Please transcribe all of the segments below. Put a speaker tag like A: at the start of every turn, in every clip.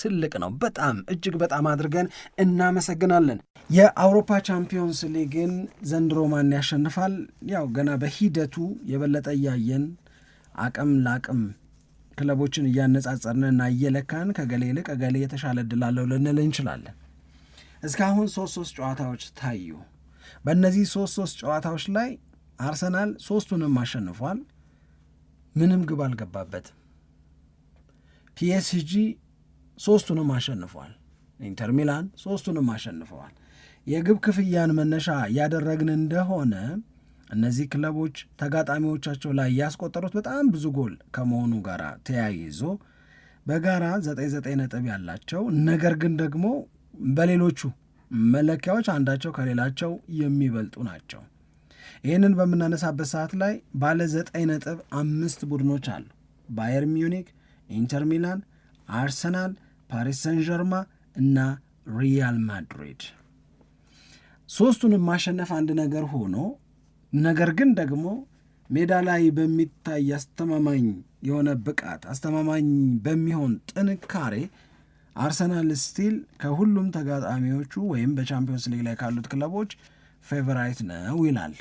A: ትልቅ ነው። በጣም እጅግ በጣም አድርገን እናመሰግናለን። የአውሮፓ ቻምፒዮንስ ሊግን ዘንድሮ ማን ያሸንፋል? ያው ገና በሂደቱ የበለጠ እያየን አቅም ለአቅም ክለቦችን እያነጻጸርን እና እየለካን ከገሌ ይልቅ ገሌ የተሻለ እድል አለው ልንል እንችላለን። እስካሁን ሶስት ሶስት ጨዋታዎች ታዩ። በእነዚህ ሶስት ሶስት ጨዋታዎች ላይ አርሰናል ሶስቱንም አሸንፏል፣ ምንም ግብ አልገባበትም። ፒኤስጂ ሶስቱንም አሸንፏል። ኢንተር ሚላን ሶስቱንም አሸንፈዋል። የግብ ክፍያን መነሻ ያደረግን እንደሆነ እነዚህ ክለቦች ተጋጣሚዎቻቸው ላይ ያስቆጠሩት በጣም ብዙ ጎል ከመሆኑ ጋር ተያይዞ በጋራ 99 ነጥብ ያላቸው ነገር ግን ደግሞ በሌሎቹ መለኪያዎች አንዳቸው ከሌላቸው የሚበልጡ ናቸው። ይህንን በምናነሳበት ሰዓት ላይ ባለ ዘጠኝ ነጥብ አምስት ቡድኖች አሉ። ባየር ሚዩኒክ፣ ኢንተር ሚላን፣ አርሰናል ፓሪስ ሰን ዠርማ እና ሪያል ማድሪድ ሶስቱንም ማሸነፍ አንድ ነገር ሆኖ ነገር ግን ደግሞ ሜዳ ላይ በሚታይ አስተማማኝ የሆነ ብቃት አስተማማኝ በሚሆን ጥንካሬ አርሰናል ስቲል ከሁሉም ተጋጣሚዎቹ ወይም በቻምፒዮንስ ሊግ ላይ ካሉት ክለቦች ፌቨራይት ነው ይላል።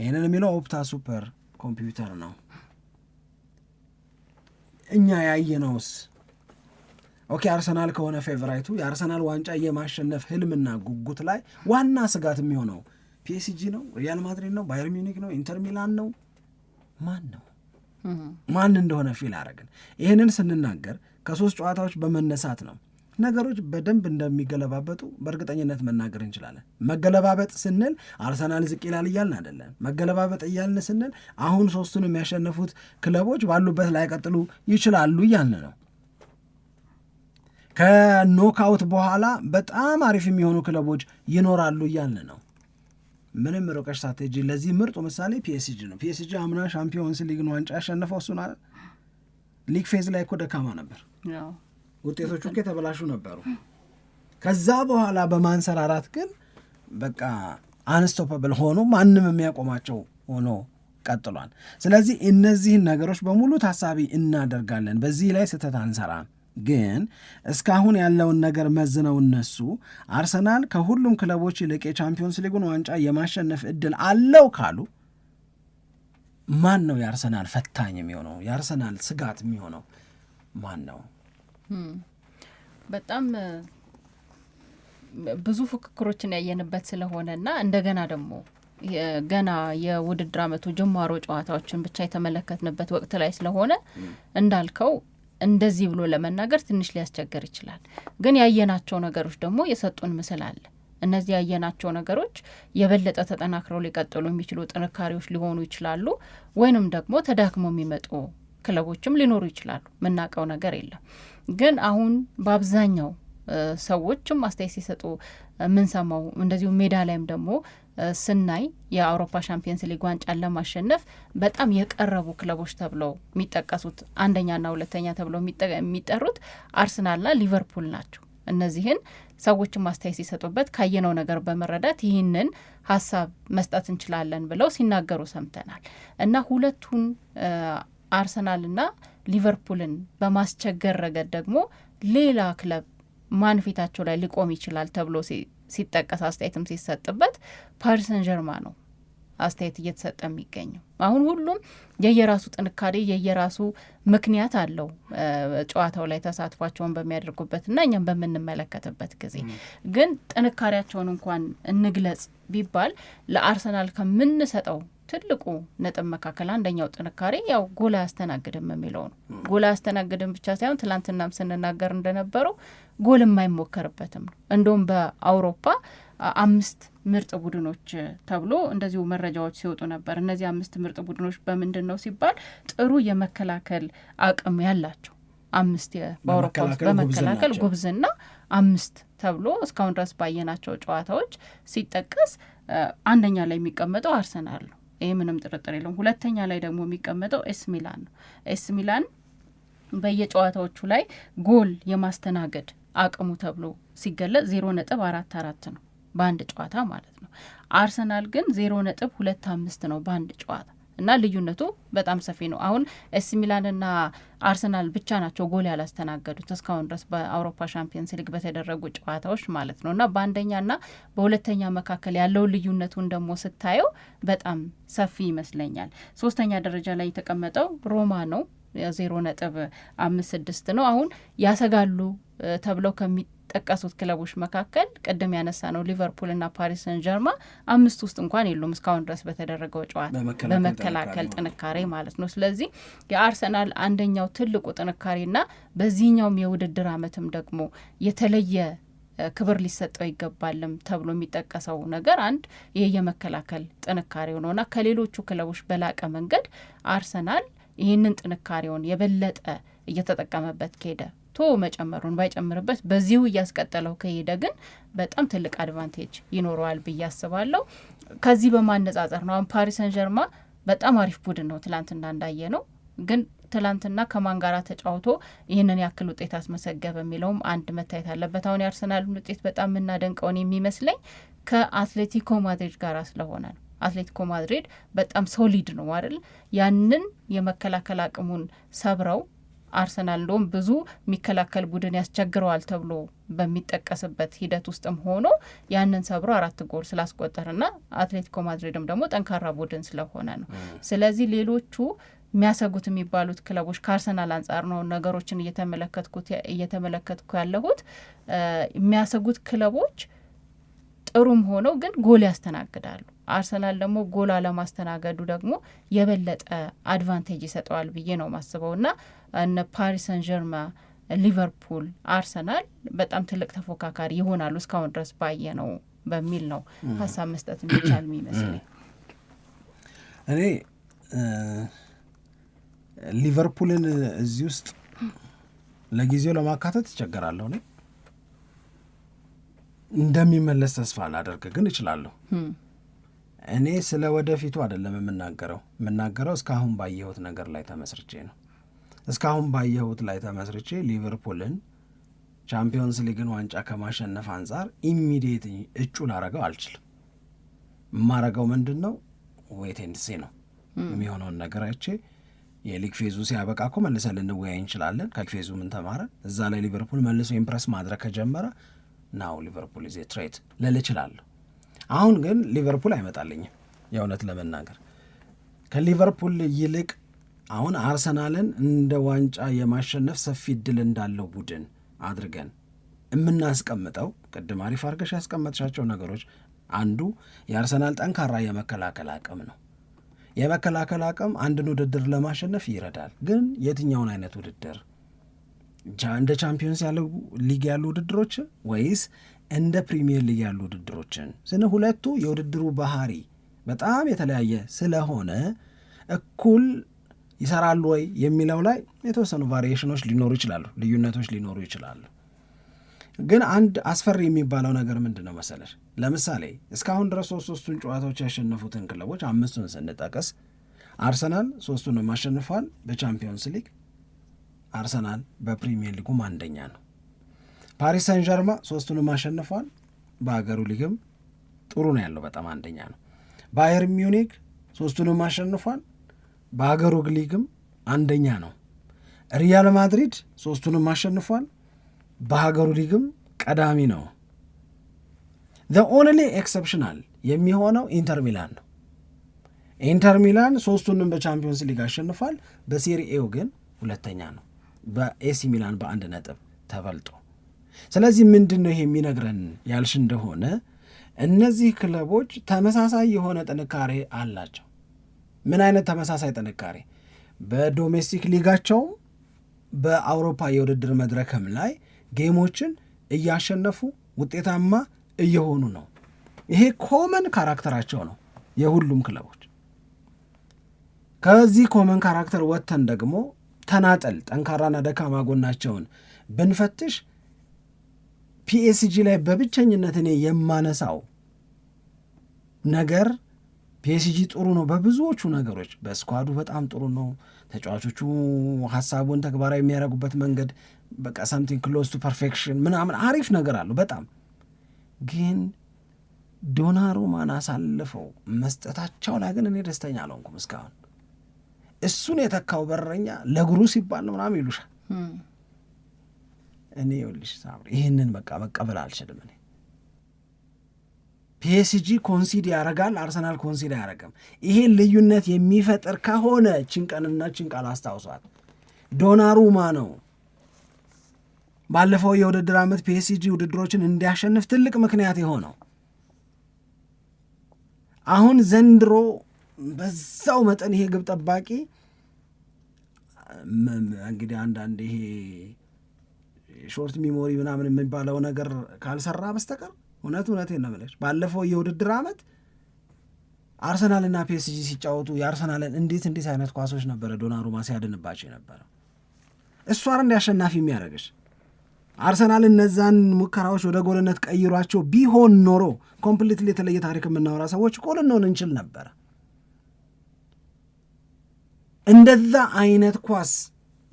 A: ይህንን የሚለው ኦፕታ ሱፐር ኮምፒውተር ነው። እኛ ያየነውስ ኦኬ አርሰናል ከሆነ ፌቨራይቱ የአርሰናል ዋንጫ የማሸነፍ ህልምና ጉጉት ላይ ዋና ስጋት የሚሆነው ፒኤስጂ ነው፣ ሪያል ማድሪድ ነው፣ ባየር ሚኒክ ነው፣ ኢንተር ሚላን ነው፣ ማን ነው ማን እንደሆነ ፊል አረግን። ይህንን ስንናገር ከሶስት ጨዋታዎች በመነሳት ነው። ነገሮች በደንብ እንደሚገለባበጡ በእርግጠኝነት መናገር እንችላለን። መገለባበጥ ስንል አርሰናል ዝቅ ይላል እያልን አይደለም። መገለባበጥ እያልን ስንል አሁን ሶስቱን የሚያሸነፉት ክለቦች ባሉበት ላይቀጥሉ ይችላሉ እያልን ነው። ከኖካውት በኋላ በጣም አሪፍ የሚሆኑ ክለቦች ይኖራሉ እያልን ነው። ምንም ርቀሽ ሳትሄጂ ለዚህ ምርጡ ምሳሌ ፒኤስጂ ነው። ፒኤስጂ አምና ሻምፒዮንስ ሊግን ዋንጫ ያሸነፈው እሱን ሊግ ፌዝ ላይ እኮ ደካማ ነበር፣ ውጤቶቹ እኮ የተበላሹ ነበሩ። ከዛ በኋላ በማንሰራራት ግን በቃ አንስቶፐብል ሆኖ ማንም የሚያቆማቸው ሆኖ ቀጥሏል። ስለዚህ እነዚህን ነገሮች በሙሉ ታሳቢ እናደርጋለን። በዚህ ላይ ስህተት አንሰራም። ግን እስካሁን ያለውን ነገር መዝነው እነሱ አርሰናል ከሁሉም ክለቦች ይልቅ የቻምፒዮንስ ሊጉን ዋንጫ የማሸነፍ እድል አለው ካሉ ማን ነው የአርሰናል ፈታኝ የሚሆነው? የአርሰናል ስጋት የሚሆነው ማን ነው?
B: Hmm. በጣም ብዙ ፉክክሮችን ያየንበት ስለሆነ እና እንደገና ደግሞ ገና የውድድር አመቱ ጅማሮ ጨዋታዎችን ብቻ የተመለከትንበት ወቅት ላይ ስለሆነ hmm. እንዳልከው እንደዚህ ብሎ ለመናገር ትንሽ ሊያስቸግር ይችላል። ግን ያየናቸው ነገሮች ደግሞ የሰጡን ምስል አለ። እነዚህ ያየናቸው ነገሮች የበለጠ ተጠናክረው ሊቀጥሉ የሚችሉ ጥንካሬዎች ሊሆኑ ይችላሉ፣ ወይንም ደግሞ ተዳክመው የሚመጡ ክለቦችም ሊኖሩ ይችላሉ። የምናውቀው ነገር የለም። ግን አሁን በአብዛኛው ሰዎችም አስተያየት ሲሰጡ የምንሰማው እንደዚሁ ሜዳ ላይም ደግሞ ስናይ የአውሮፓ ሻምፒየንስ ሊግ ዋንጫን ለማሸነፍ በጣም የቀረቡ ክለቦች ተብለው የሚጠቀሱት አንደኛና ሁለተኛ ተብለው የሚጠሩት አርሰናልና ሊቨርፑል ናቸው። እነዚህን ሰዎችን ማስተያየት ሲሰጡበት ካየነው ነገር በመረዳት ይህንን ሀሳብ መስጠት እንችላለን ብለው ሲናገሩ ሰምተናል እና ሁለቱን አርሰናልና ሊቨርፑልን በማስቸገር ረገድ ደግሞ ሌላ ክለብ ማንፊታቸው ላይ ሊቆም ይችላል ተብሎ ሲጠቀስ አስተያየትም ሲሰጥበት ፓሪሰን ጀርማ ነው አስተያየት እየተሰጠ የሚገኘው። አሁን ሁሉም የየራሱ ጥንካሬ የየራሱ ምክንያት አለው ጨዋታው ላይ ተሳትፏቸውን በሚያደርጉበት እና እኛም በምንመለከትበት ጊዜ ግን ጥንካሬያቸውን እንኳን እንግለጽ ቢባል ለአርሰናል ከምንሰጠው ትልቁ ነጥብ መካከል አንደኛው ጥንካሬ ያው ጎል አያስተናግድም የሚለው ነው። ጎል አያስተናግድም ብቻ ሳይሆን ትላንትናም ስንናገር እንደነበረው ጎል የማይሞከርበትም ነው። እንደውም በአውሮፓ አምስት ምርጥ ቡድኖች ተብሎ እንደዚሁ መረጃዎች ሲወጡ ነበር። እነዚህ አምስት ምርጥ ቡድኖች በምንድን ነው ሲባል ጥሩ የመከላከል አቅም ያላቸው አምስት በአውሮፓ ውስጥ በመከላከል ጉብዝና አምስት ተብሎ እስካሁን ድረስ ባየናቸው ጨዋታዎች ሲጠቀስ አንደኛ ላይ የሚቀመጠው አርሰናል ነው። ይህ ምንም ጥርጥር የለውም። ሁለተኛ ላይ ደግሞ የሚቀመጠው ኤስ ሚላን ነው። ኤስ ሚላን በየጨዋታዎቹ ላይ ጎል የማስተናገድ አቅሙ ተብሎ ሲገለጽ ዜሮ ነጥብ አራት አራት ነው በአንድ ጨዋታ ማለት ነው። አርሰናል ግን ዜሮ ነጥብ ሁለት አምስት ነው በአንድ ጨዋታ እና ልዩነቱ በጣም ሰፊ ነው። አሁን ኤሲ ሚላንና አርሰናል ብቻ ናቸው ጎል ያላስተናገዱት እስካሁን ድረስ በአውሮፓ ሻምፒየንስ ሊግ በተደረጉ ጨዋታዎች ማለት ነው። እና በአንደኛና በሁለተኛ መካከል ያለው ልዩነቱን ደግሞ ስታየው በጣም ሰፊ ይመስለኛል። ሶስተኛ ደረጃ ላይ የተቀመጠው ሮማ ነው፣ ዜሮ ነጥብ አምስት ስድስት ነው። አሁን ያሰጋሉ ተብለው ከሚ ጠቀሱት ክለቦች መካከል ቅድም ያነሳ ነው ሊቨርፑልና ፓሪስ ሰን ጀርማ አምስት ውስጥ እንኳን የሉም እስካሁን ድረስ በተደረገው ጨዋታ በመከላከል ጥንካሬ ማለት ነው። ስለዚህ የአርሰናል አንደኛው ትልቁ ጥንካሬና በዚህኛውም የውድድር አመትም ደግሞ የተለየ ክብር ሊሰጠው ይገባልም ተብሎ የሚጠቀሰው ነገር አንድ ይሄ የመከላከል ጥንካሬው ነውና ከሌሎቹ ክለቦች በላቀ መንገድ አርሰናል ይህንን ጥንካሬውን የበለጠ እየተጠቀመበት ከሄደ ሰርቶ መጨመሩን ባይጨምርበት በዚሁ እያስቀጠለው ከሄደ ግን በጣም ትልቅ አድቫንቴጅ ይኖረዋል ብዬ አስባለሁ። ከዚህ በማነጻጸር ነው። አሁን ፓሪስ ሰን ጀርማ በጣም አሪፍ ቡድን ነው፣ ትላንትና እንዳየ ነው። ግን ትላንትና ከማን ጋራ ተጫውቶ ይህንን ያክል ውጤት አስመሰገብ የሚለውም አንድ መታየት አለበት። አሁን የአርሰናልን ውጤት በጣም የምናደንቀውን የሚመስለኝ ከአትሌቲኮ ማድሪድ ጋራ ስለሆነ ነው። አትሌቲኮ ማድሪድ በጣም ሶሊድ ነው አይደል? ያንን የመከላከል አቅሙን ሰብረው አርሰናል እንደውም ብዙ የሚከላከል ቡድን ያስቸግረዋል ተብሎ በሚጠቀስበት ሂደት ውስጥም ሆኖ ያንን ሰብሮ አራት ጎል ስላስቆጠርና አትሌቲኮ ማድሪድም ደግሞ ጠንካራ ቡድን ስለሆነ ነው። ስለዚህ ሌሎቹ የሚያሰጉት የሚባሉት ክለቦች ከአርሰናል አንጻር ነው ነገሮችን እየተመለከትኩ ያለሁት። የሚያሰጉት ክለቦች ጥሩም ሆነው ግን ጎል ያስተናግዳሉ። አርሰናል ደግሞ ጎል አለማስተናገዱ ደግሞ የበለጠ አድቫንቴጅ ይሰጠዋል ብዬ ነው ማስበው ና እነ ፓሪስ ሰን ጀርማ፣ ሊቨርፑል፣ አርሰናል በጣም ትልቅ ተፎካካሪ ይሆናሉ እስካሁን ድረስ ባየ ነው በሚል ነው ሀሳብ መስጠት የሚቻል የሚመስለኝ።
A: እኔ ሊቨርፑልን እዚህ ውስጥ ለጊዜው ለማካተት ይቸገራለሁ። እኔ እንደሚመለስ ተስፋ ላደርግ ግን እችላለሁ። እኔ ስለ ወደፊቱ አይደለም የምናገረው የምናገረው እስካሁን ባየሁት ነገር ላይ ተመስርቼ ነው። እስካሁን ባየሁት ላይ ተመስርቼ ሊቨርፑልን ቻምፒዮንስ ሊግን ዋንጫ ከማሸነፍ አንጻር ኢሚዲየት እጩ ላረገው አልችልም። የማረገው ምንድን ነው ዌይት ኤንድ ሲ ነው የሚሆነውን ነገር አይቼ የሊግ ፌዙ ሲያበቃ እኮ መልሰን ልንወያይ እንችላለን። ከሊግ ፌዙ ምን ተማረ? እዛ ላይ ሊቨርፑል መልሶ ኢምፕረስ ማድረግ ከጀመረ ናው ሊቨርፑል ዜ ትሬት ልል እችላለሁ። አሁን ግን ሊቨርፑል አይመጣልኝም የእውነት ለመናገር ከሊቨርፑል ይልቅ አሁን አርሰናልን እንደ ዋንጫ የማሸነፍ ሰፊ እድል እንዳለው ቡድን አድርገን የምናስቀምጠው ቅድም አሪፍ አርገሽ ያስቀመጥሻቸው ነገሮች አንዱ የአርሰናል ጠንካራ የመከላከል አቅም ነው። የመከላከል አቅም አንድን ውድድር ለማሸነፍ ይረዳል። ግን የትኛውን አይነት ውድድር? እንደ ቻምፒዮንስ ያለው ሊግ ያሉ ውድድሮች ወይስ እንደ ፕሪሚየር ሊግ ያሉ ውድድሮችን ስን ሁለቱ የውድድሩ ባህሪ በጣም የተለያየ ስለሆነ እኩል ይሰራሉ ወይ የሚለው ላይ የተወሰኑ ቫሪዬሽኖች ሊኖሩ ይችላሉ፣ ልዩነቶች ሊኖሩ ይችላሉ። ግን አንድ አስፈሪ የሚባለው ነገር ምንድን ነው መሰለሽ? ለምሳሌ እስካሁን ድረስ ሶስት ሶስቱን ጨዋታዎች ያሸነፉትን ክለቦች አምስቱን ስንጠቀስ አርሰናል ሶስቱንም አሸንፏል። በቻምፒዮንስ ሊግ አርሰናል በፕሪሚየር ሊጉም አንደኛ ነው። ፓሪስ ሳን ዠርማ ሶስቱንም አሸንፏል። በሀገሩ ሊግም ጥሩ ነው ያለው በጣም አንደኛ ነው። ባየር ሚዩኒክ ሶስቱንም አሸንፏል። በሀገሩ ሊግም አንደኛ ነው። ሪያል ማድሪድ ሶስቱንም አሸንፏል። በሀገሩ ሊግም ቀዳሚ ነው። ዘ ኦንሊ ኤክሰፕሽናል የሚሆነው ኢንተር ሚላን ነው። ኢንተር ሚላን ሶስቱንም በቻምፒዮንስ ሊግ አሸንፏል። በሴሪኤው ግን ሁለተኛ ነው፣ በኤሲ ሚላን በአንድ ነጥብ ተበልጦ ስለዚህ ምንድን ነው ይሄ የሚነግረን ያልሽ እንደሆነ እነዚህ ክለቦች ተመሳሳይ የሆነ ጥንካሬ አላቸው። ምን አይነት ተመሳሳይ ጥንካሬ? በዶሜስቲክ ሊጋቸውም በአውሮፓ የውድድር መድረክም ላይ ጌሞችን እያሸነፉ ውጤታማ እየሆኑ ነው። ይሄ ኮመን ካራክተራቸው ነው የሁሉም ክለቦች። ከዚህ ኮመን ካራክተር ወጥተን ደግሞ ተናጠል ጠንካራና ደካማ ጎናቸውን ብንፈትሽ ፒኤስጂ ላይ በብቸኝነት እኔ የማነሳው ነገር ፒኤስጂ ጥሩ ነው በብዙዎቹ ነገሮች፣ በስኳዱ በጣም ጥሩ ነው። ተጫዋቾቹ ሀሳቡን ተግባራዊ የሚያደርጉበት መንገድ በቃ ሳምቲንግ ክሎዝ ቱ ፐርፌክሽን ምናምን አሪፍ ነገር አለው በጣም ግን ዶናሩማን አሳልፈው መስጠታቸው ላይ ግን እኔ ደስተኛ አልሆንኩም እስካሁን። እሱን የተካው በረኛ ለእግሩ ሲባል ነው ምናምን ይሉሻል። እኔ ይኸውልሽ ሳምሪ ይህንን በቃ መቀበል አልችልም። እኔ ፒኤስጂ ኮንሲድ ያረጋል፣ አርሰናል ኮንሲድ አያረግም። ይሄን ልዩነት የሚፈጥር ከሆነ ችንቀንና ችንቃል አስታውሷል። ዶናሩማ ነው ባለፈው የውድድር ዓመት ፒኤስጂ ውድድሮችን እንዲያሸንፍ ትልቅ ምክንያት የሆነው። አሁን ዘንድሮ በዛው መጠን ይሄ ግብ ጠባቂ እንግዲህ አንዳንድ ይሄ ሾርት ሚሞሪ ምናምን የሚባለው ነገር ካልሰራ በስተቀር እውነት እውነቴን ነው የምልሽ ባለፈው የውድድር ዓመት አርሰናልና ፒኤስጂ ሲጫወቱ የአርሰናልን እንዴት እንዴት አይነት ኳሶች ነበረ ዶናሩማ ሲያድንባቸው የነበረው። እሷ እንዲ አሸናፊ የሚያደርግሽ አርሰናል እነዛን ሙከራዎች ወደ ጎልነት ቀይሯቸው ቢሆን ኖሮ ኮምፕሊትሊ የተለየ ታሪክ የምናወራ ሰዎች እኮ ልንሆን እንችል ነበረ። እንደዛ አይነት ኳስ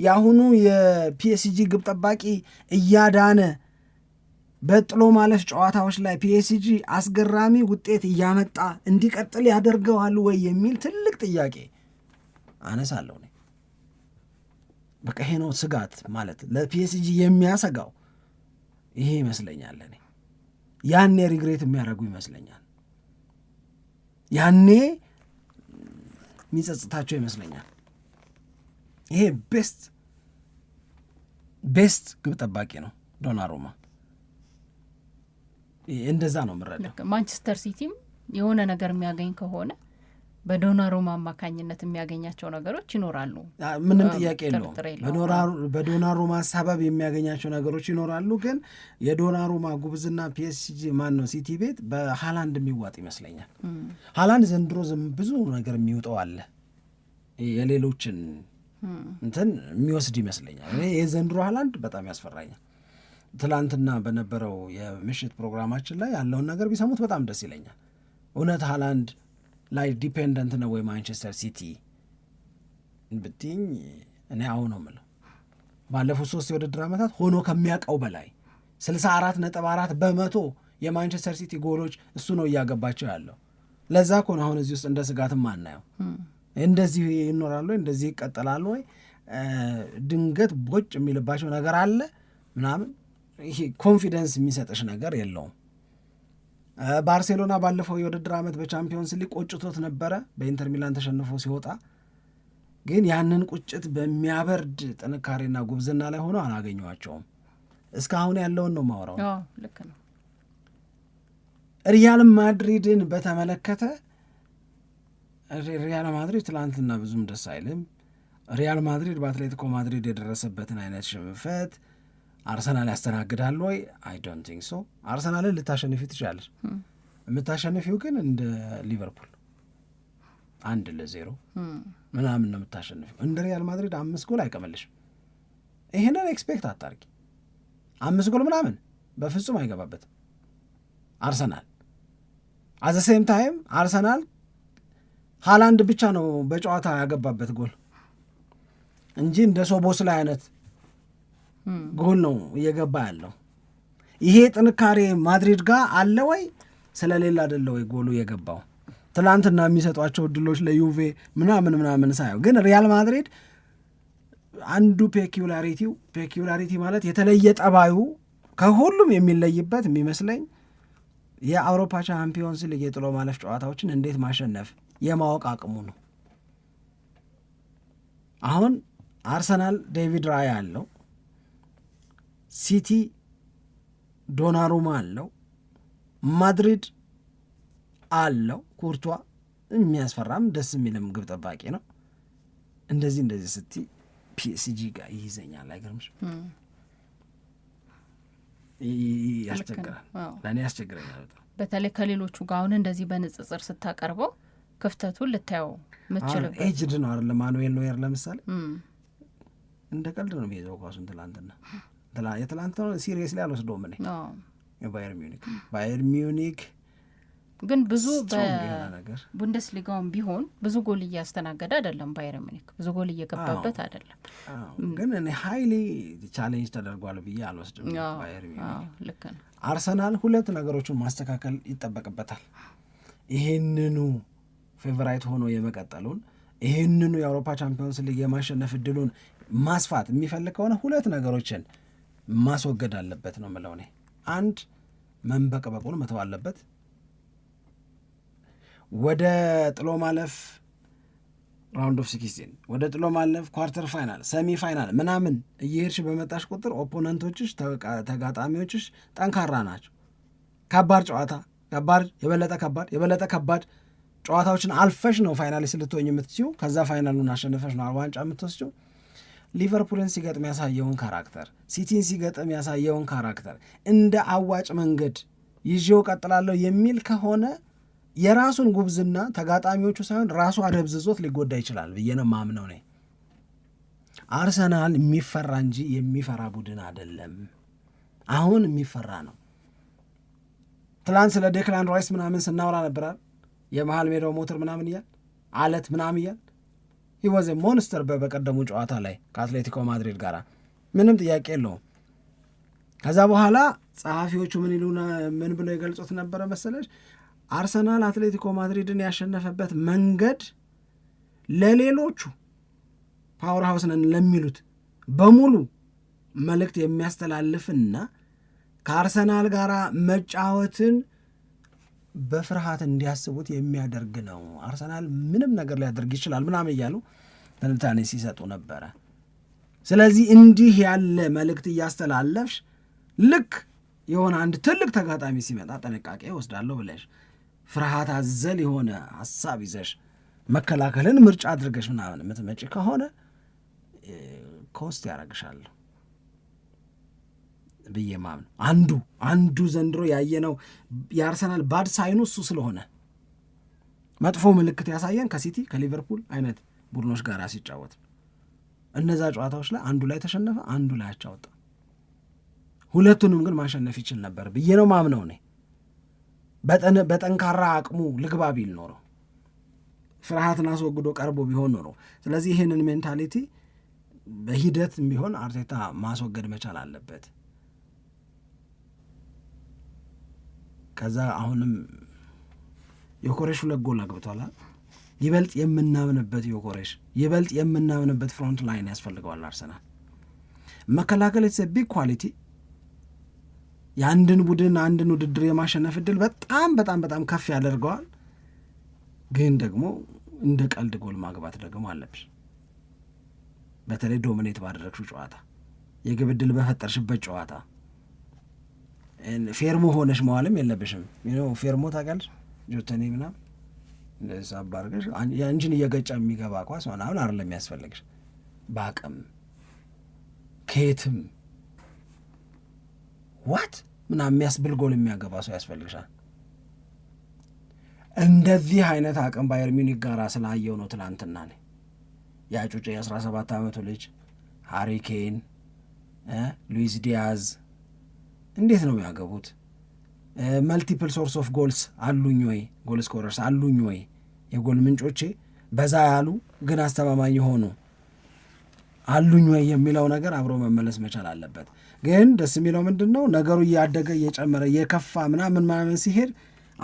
A: የአሁኑ የፒኤስጂ ግብ ጠባቂ እያዳነ በጥሎ ማለፍ ጨዋታዎች ላይ ፒኤስጂ አስገራሚ ውጤት እያመጣ እንዲቀጥል ያደርገዋል ወይ የሚል ትልቅ ጥያቄ አነሳለሁ። በቃ ይሄ ነው ስጋት ማለት ለፒኤስጂ የሚያሰጋው ይሄ ይመስለኛል። እኔ ያኔ ሪግሬት የሚያደርጉ ይመስለኛል። ያኔ የሚጸጽታቸው ይመስለኛል። ይሄ ቤስት ቤስት ግብ ጠባቂ ነው ዶናሩማ። እንደዛ ነው የምረዳው።
B: ማንቸስተር ሲቲም የሆነ ነገር የሚያገኝ ከሆነ በዶናሩማ አማካኝነት የሚያገኛቸው ነገሮች ይኖራሉ።
A: ምንም ጥያቄ የለውም። በዶናሩማ ሰበብ የሚያገኛቸው ነገሮች ይኖራሉ። ግን የዶናሩማ ጉብዝና ፒኤስጂ ማን ነው ሲቲ ቤት በሃላንድ የሚዋጥ ይመስለኛል። ሃላንድ ዘንድሮ ብዙ ነገር የሚውጠው አለ የሌሎችን እንትን የሚወስድ ይመስለኛል። እኔ የዘንድሮ ሀላንድ በጣም ያስፈራኛል። ትላንትና በነበረው የምሽት ፕሮግራማችን ላይ ያለውን ነገር ቢሰሙት በጣም ደስ ይለኛል። እውነት ሀላንድ ላይ ዲፔንደንት ነው ወይ ማንቸስተር ሲቲ ብትኝ እኔ አሁ ነው ምለው። ባለፉት ሶስት የውድድር ዓመታት ሆኖ ከሚያውቀው በላይ ስልሳ አራት ነጥብ አራት በመቶ የማንቸስተር ሲቲ ጎሎች እሱ ነው እያገባቸው ያለው። ለዛ ኮን አሁን እዚህ ውስጥ እንደ ስጋትም አናየው። እንደዚህ ይኖራሉ ወይ እንደዚህ ይቀጠላሉ ወይ ድንገት ቦጭ የሚልባቸው ነገር አለ ምናምን ይሄ ኮንፊደንስ የሚሰጥሽ ነገር የለውም። ባርሴሎና ባለፈው የውድድር ዓመት በቻምፒዮንስ ሊግ ቆጭቶት ነበረ በኢንተር ሚላን ተሸንፎ ሲወጣ ግን ያንን ቁጭት በሚያበርድ ጥንካሬና ጉብዝና ላይ ሆኖ አላገኘዋቸውም። እስካሁን ያለውን ነው ማውራው። ሪያል ማድሪድን በተመለከተ ሪያል ማድሪድ ትላንትና ብዙም ደስ አይልም። ሪያል ማድሪድ በአትሌቲኮ ማድሪድ የደረሰበትን አይነት ሽንፈት አርሰናል ያስተናግዳል ወይ? አይ ዶንት ቲንክ ሶ። አርሰናልን ልታሸንፊ ትችላለች። የምታሸንፊው ግን እንደ ሊቨርፑል አንድ ለዜሮ ምናምን ነው የምታሸንፊው። እንደ ሪያል ማድሪድ አምስት ጎል አይቀመልሽም። ይህንን ኤክስፔክት አታርጊ። አምስት ጎል ምናምን በፍጹም አይገባበትም አርሰናል። አዘ ሴም ታይም አርሰናል ሃላንድ ብቻ ነው በጨዋታ ያገባበት ጎል እንጂ እንደ ሶቦስላይ አይነት ጎል ነው እየገባ ያለው። ይሄ ጥንካሬ ማድሪድ ጋር አለ ወይ ስለሌለ አደለ ወይ ጎሉ የገባው? ትላንትና የሚሰጧቸው እድሎች ለዩቬ ምናምን ምናምን ሳየው ግን ሪያል ማድሪድ አንዱ ፔኪላሪቲው ፔኪላሪቲ ማለት የተለየ ጠባዩ ከሁሉም የሚለይበት የሚመስለኝ የአውሮፓ ቻምፒዮንስ ሊግ የጥሎ ማለፍ ጨዋታዎችን እንዴት ማሸነፍ የማወቅ አቅሙ ነው። አሁን አርሰናል ዴቪድ ራያ አለው፣ ሲቲ ዶናሩማ አለው፣ ማድሪድ አለው። ኩርቷ የሚያስፈራም ደስ የሚልም ግብ ጠባቂ ነው። እንደዚህ እንደዚህ ስቲ ፒኤስጂ ጋር ይይዘኛል። አይገርምሽ? ያስቸግራል።
B: ለእኔ ያስቸግረኛል በጣም በተለይ ከሌሎቹ ጋር አሁን እንደዚህ በንጽጽር ስታቀርበው ክፍተቱን ልታየው
A: ምችልበት ኤጅድ ነው አለ ማኑዌል ኖየር ለምሳሌ እንደ ቀልድ ነው የሚይዘው ኳሱን። ትላንትና የትላንት ነው ሲሪየስ ላይ አልወስደውም እኔ ባየር ሚኒክ ባየር ሚኒክ
B: ግን ብዙ በቡንደስሊጋውም ቢሆን ብዙ ጎል እያስተናገደ አይደለም። ባየር ሚኒክ ብዙ ጎል እየገባበት አይደለም።
A: ግን እኔ ሀይሊ ቻሌንጅ ተደርጓል ብዬ አልወስድም። ባየር
B: ሚኒክ ልክ ነው።
A: አርሰናል ሁለት ነገሮችን ማስተካከል ይጠበቅበታል። ይሄንኑ ፌቨራይት ሆኖ የመቀጠሉን ይህንኑ የአውሮፓ ቻምፒዮንስ ሊግ የማሸነፍ እድሉን ማስፋት የሚፈልግ ከሆነ ሁለት ነገሮችን ማስወገድ አለበት ነው የምለው እኔ። አንድ መንበቅበቁን መተው አለበት። ወደ ጥሎ ማለፍ ራውንድ ኦፍ ሲክስቲን ወደ ጥሎ ማለፍ ኳርተር ፋይናል፣ ሰሚ ፋይናል ምናምን እየሄድሽ በመጣሽ ቁጥር ኦፖነንቶችሽ፣ ተጋጣሚዎችሽ ጠንካራ ናቸው። ከባድ ጨዋታ ከባድ የበለጠ ከባድ የበለጠ ከባድ ጨዋታዎችን አልፈሽ ነው ፋይናሊስት ልትሆኝ የምትችው። ከዛ ፋይናሉን አሸንፈሽ ነው ዋንጫ የምትወስችው። ሊቨርፑልን ሲገጥም ያሳየውን ካራክተር፣ ሲቲን ሲገጥም ያሳየውን ካራክተር እንደ አዋጭ መንገድ ይዤው ቀጥላለሁ የሚል ከሆነ የራሱን ጉብዝና ተጋጣሚዎቹ ሳይሆን ራሱ አደብዝዞት ሊጎዳ ይችላል ብዬ ነው ማምነው። ነ አርሰናል የሚፈራ እንጂ የሚፈራ ቡድን አይደለም። አሁን የሚፈራ ነው። ትላንት ስለ ዴክላን ራይስ ምናምን ስናወራ ነበራል። የመሀል ሜዳው ሞተር ምናምን እያል አለት ምናምን እያል ሂወዝ ሞንስተር በቀደሙ ጨዋታ ላይ ከአትሌቲኮ ማድሪድ ጋር ምንም ጥያቄ የለውም። ከዛ በኋላ ጸሐፊዎቹ ምን ይሉ ምን ብለው የገልጹት ነበረ መሰለች አርሰናል አትሌቲኮ ማድሪድን ያሸነፈበት መንገድ ለሌሎቹ ፓወር ሀውስ ነን ለሚሉት በሙሉ መልእክት የሚያስተላልፍና ከአርሰናል ጋር መጫወትን በፍርሃት እንዲያስቡት የሚያደርግ ነው። አርሰናል ምንም ነገር ሊያደርግ ይችላል ምናምን እያሉ ትንታኔ ሲሰጡ ነበረ። ስለዚህ እንዲህ ያለ መልእክት እያስተላለፍሽ ልክ የሆነ አንድ ትልቅ ተጋጣሚ ሲመጣ ጥንቃቄ ወስዳለሁ ብለሽ ፍርሃት አዘል የሆነ ሀሳብ ይዘሽ መከላከልን ምርጫ አድርገሽ ምናምን የምትመጪ ከሆነ ኮስት ያደርግሻለሁ ብዬ ማምን አንዱ አንዱ ዘንድሮ ያየነው የአርሰናል ባድ ሳይኑ እሱ ስለሆነ መጥፎ ምልክት ያሳየን ከሲቲ ከሊቨርፑል አይነት ቡድኖች ጋር ሲጫወት እነዛ ጨዋታዎች ላይ አንዱ ላይ ተሸነፈ፣ አንዱ ላይ አቻወጣ። ሁለቱንም ግን ማሸነፍ ይችል ነበር ብዬ ነው ማምነው። እኔ በጠንካራ አቅሙ ልግባ ቢል ኖረው ፍርሃትን አስወግዶ ቀርቦ ቢሆን ኖሮ። ስለዚህ ይህንን ሜንታሊቲ በሂደት ቢሆን አርቴታ ማስወገድ መቻል አለበት። ከዛ አሁንም ዮኮሬሽ ሁለት ጎል አግብቷል። ይበልጥ የምናምንበት የኮሬሽ ይበልጥ የምናምንበት ፍሮንት ላይን ያስፈልገዋል አርሰናል። መከላከል የተሰ ቢግ ኳሊቲ የአንድን ቡድን አንድን ውድድር የማሸነፍ እድል በጣም በጣም በጣም ከፍ ያደርገዋል። ግን ደግሞ እንደ ቀልድ ጎል ማግባት ደግሞ አለብሽ። በተለይ ዶሚኔት ባደረግሽው ጨዋታ፣ የግብ እድል በፈጠርሽበት ጨዋታ ፌርሞ ሆነሽ መዋልም የለብሽም። ፌርሞ ታውቂያለሽ፣ ጆተኔ ምናምን እንደዛ አባርገሽ አንቺን እየገጫ የሚገባ ኳስ ምናምን አይደለም የሚያስፈልግሽ። በአቅም ከየትም ዋት ምናምን የሚያስብል ጎል የሚያገባ ሰው ያስፈልግሻል። እንደዚህ አይነት አቅም ባየር ሚኒክ ጋር ስላየው ነው ትላንትና ነ ያጩጭ የ17 ዓመቱ ልጅ ሃሪኬን፣ ሉዊስ ዲያዝ እንዴት ነው የሚያገቡት? መልቲፕል ሶርስ ኦፍ ጎልስ አሉኝ ወይ? ጎል ስኮረርስ አሉኝ ወይ? የጎል ምንጮቼ በዛ ያሉ ግን አስተማማኝ የሆኑ አሉኝ ወይ የሚለው ነገር አብሮ መመለስ መቻል አለበት። ግን ደስ የሚለው ምንድን ነው ነገሩ እያደገ እየጨመረ የከፋ ምናምን ምናምን ሲሄድ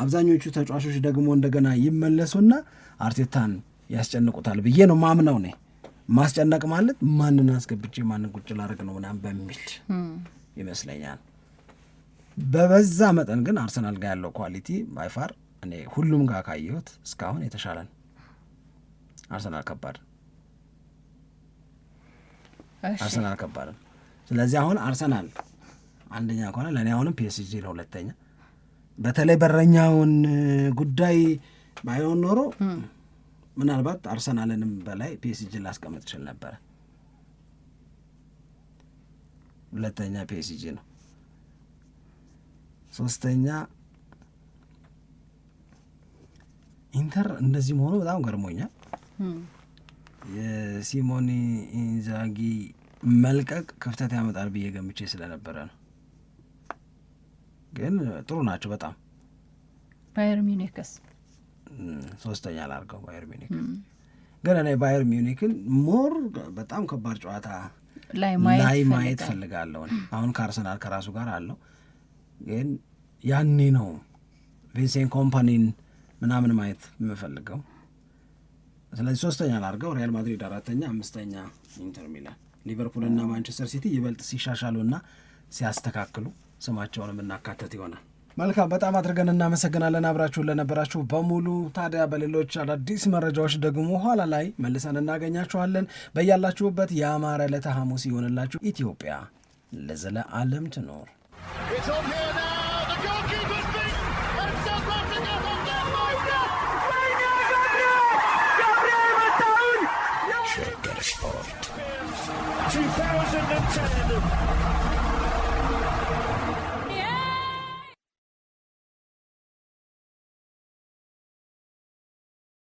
A: አብዛኞቹ ተጫዋቾች ደግሞ እንደገና ይመለሱና አርቴታን ያስጨንቁታል ብዬ ነው ማምነው። እኔ ማስጨነቅ ማለት ማንን አስገብቼ ማንን ቁጭ ላደርግ ነው ምናምን በሚል ይመስለኛል። በበዛ መጠን ግን አርሰናል ጋር ያለው ኳሊቲ ባይፋር እኔ ሁሉም ጋር ካየሁት እስካሁን የተሻለ ነው። አርሰናል ከባድ አርሰናል ከባድ ነው። ስለዚህ አሁን አርሰናል አንደኛ ከሆነ ለእኔ አሁንም ፒኤስጂ ሁለተኛ። በተለይ በረኛውን ጉዳይ ባይሆን ኖሮ ምናልባት አርሰናልንም በላይ ፒኤስጂን ላስቀመጥ ይችል ነበረ። ሁለተኛ ፒኤስጂ ነው። ሶስተኛ ኢንተር እንደዚህ መሆኑ በጣም ገርሞኛል። የሲሞኒ ኢንዛጊ መልቀቅ ክፍተት ያመጣል ብዬ ገምቼ ስለነበረ ነው። ግን ጥሩ ናቸው በጣም
B: ባየር ሚኒክስ
A: ሶስተኛ ላርገው ባየር ሚኒክ ግን እኔ ባየር ሚኒክን ሞር በጣም ከባድ ጨዋታ ላይ ማየት ፈልጋለሁ። አሁን ከአርሰናል ከራሱ ጋር አለው ግን ያኔ ነው ቪንሴንት ኮምፓኒን ምናምን ማየት የምፈልገው። ስለዚህ ሶስተኛ ላርገው፣ ሪያል ማድሪድ አራተኛ፣ አምስተኛ ኢንተር ሚላን፣ ሊቨርፑልና ማንቸስተር ሲቲ ይበልጥ ሲሻሻሉና ሲያስተካክሉ ስማቸውን የምናካተት ይሆናል። መልካም በጣም አድርገን እናመሰግናለን አብራችሁን ለነበራችሁ በሙሉ። ታዲያ በሌሎች አዳዲስ መረጃዎች ደግሞ ኋላ ላይ መልሰን እናገኛችኋለን። በያላችሁበት የአማረ ዕለተ ሐሙስ ይሆንላችሁ። ኢትዮጵያ ለዘለዓለም ትኖር። Annem çağırdı.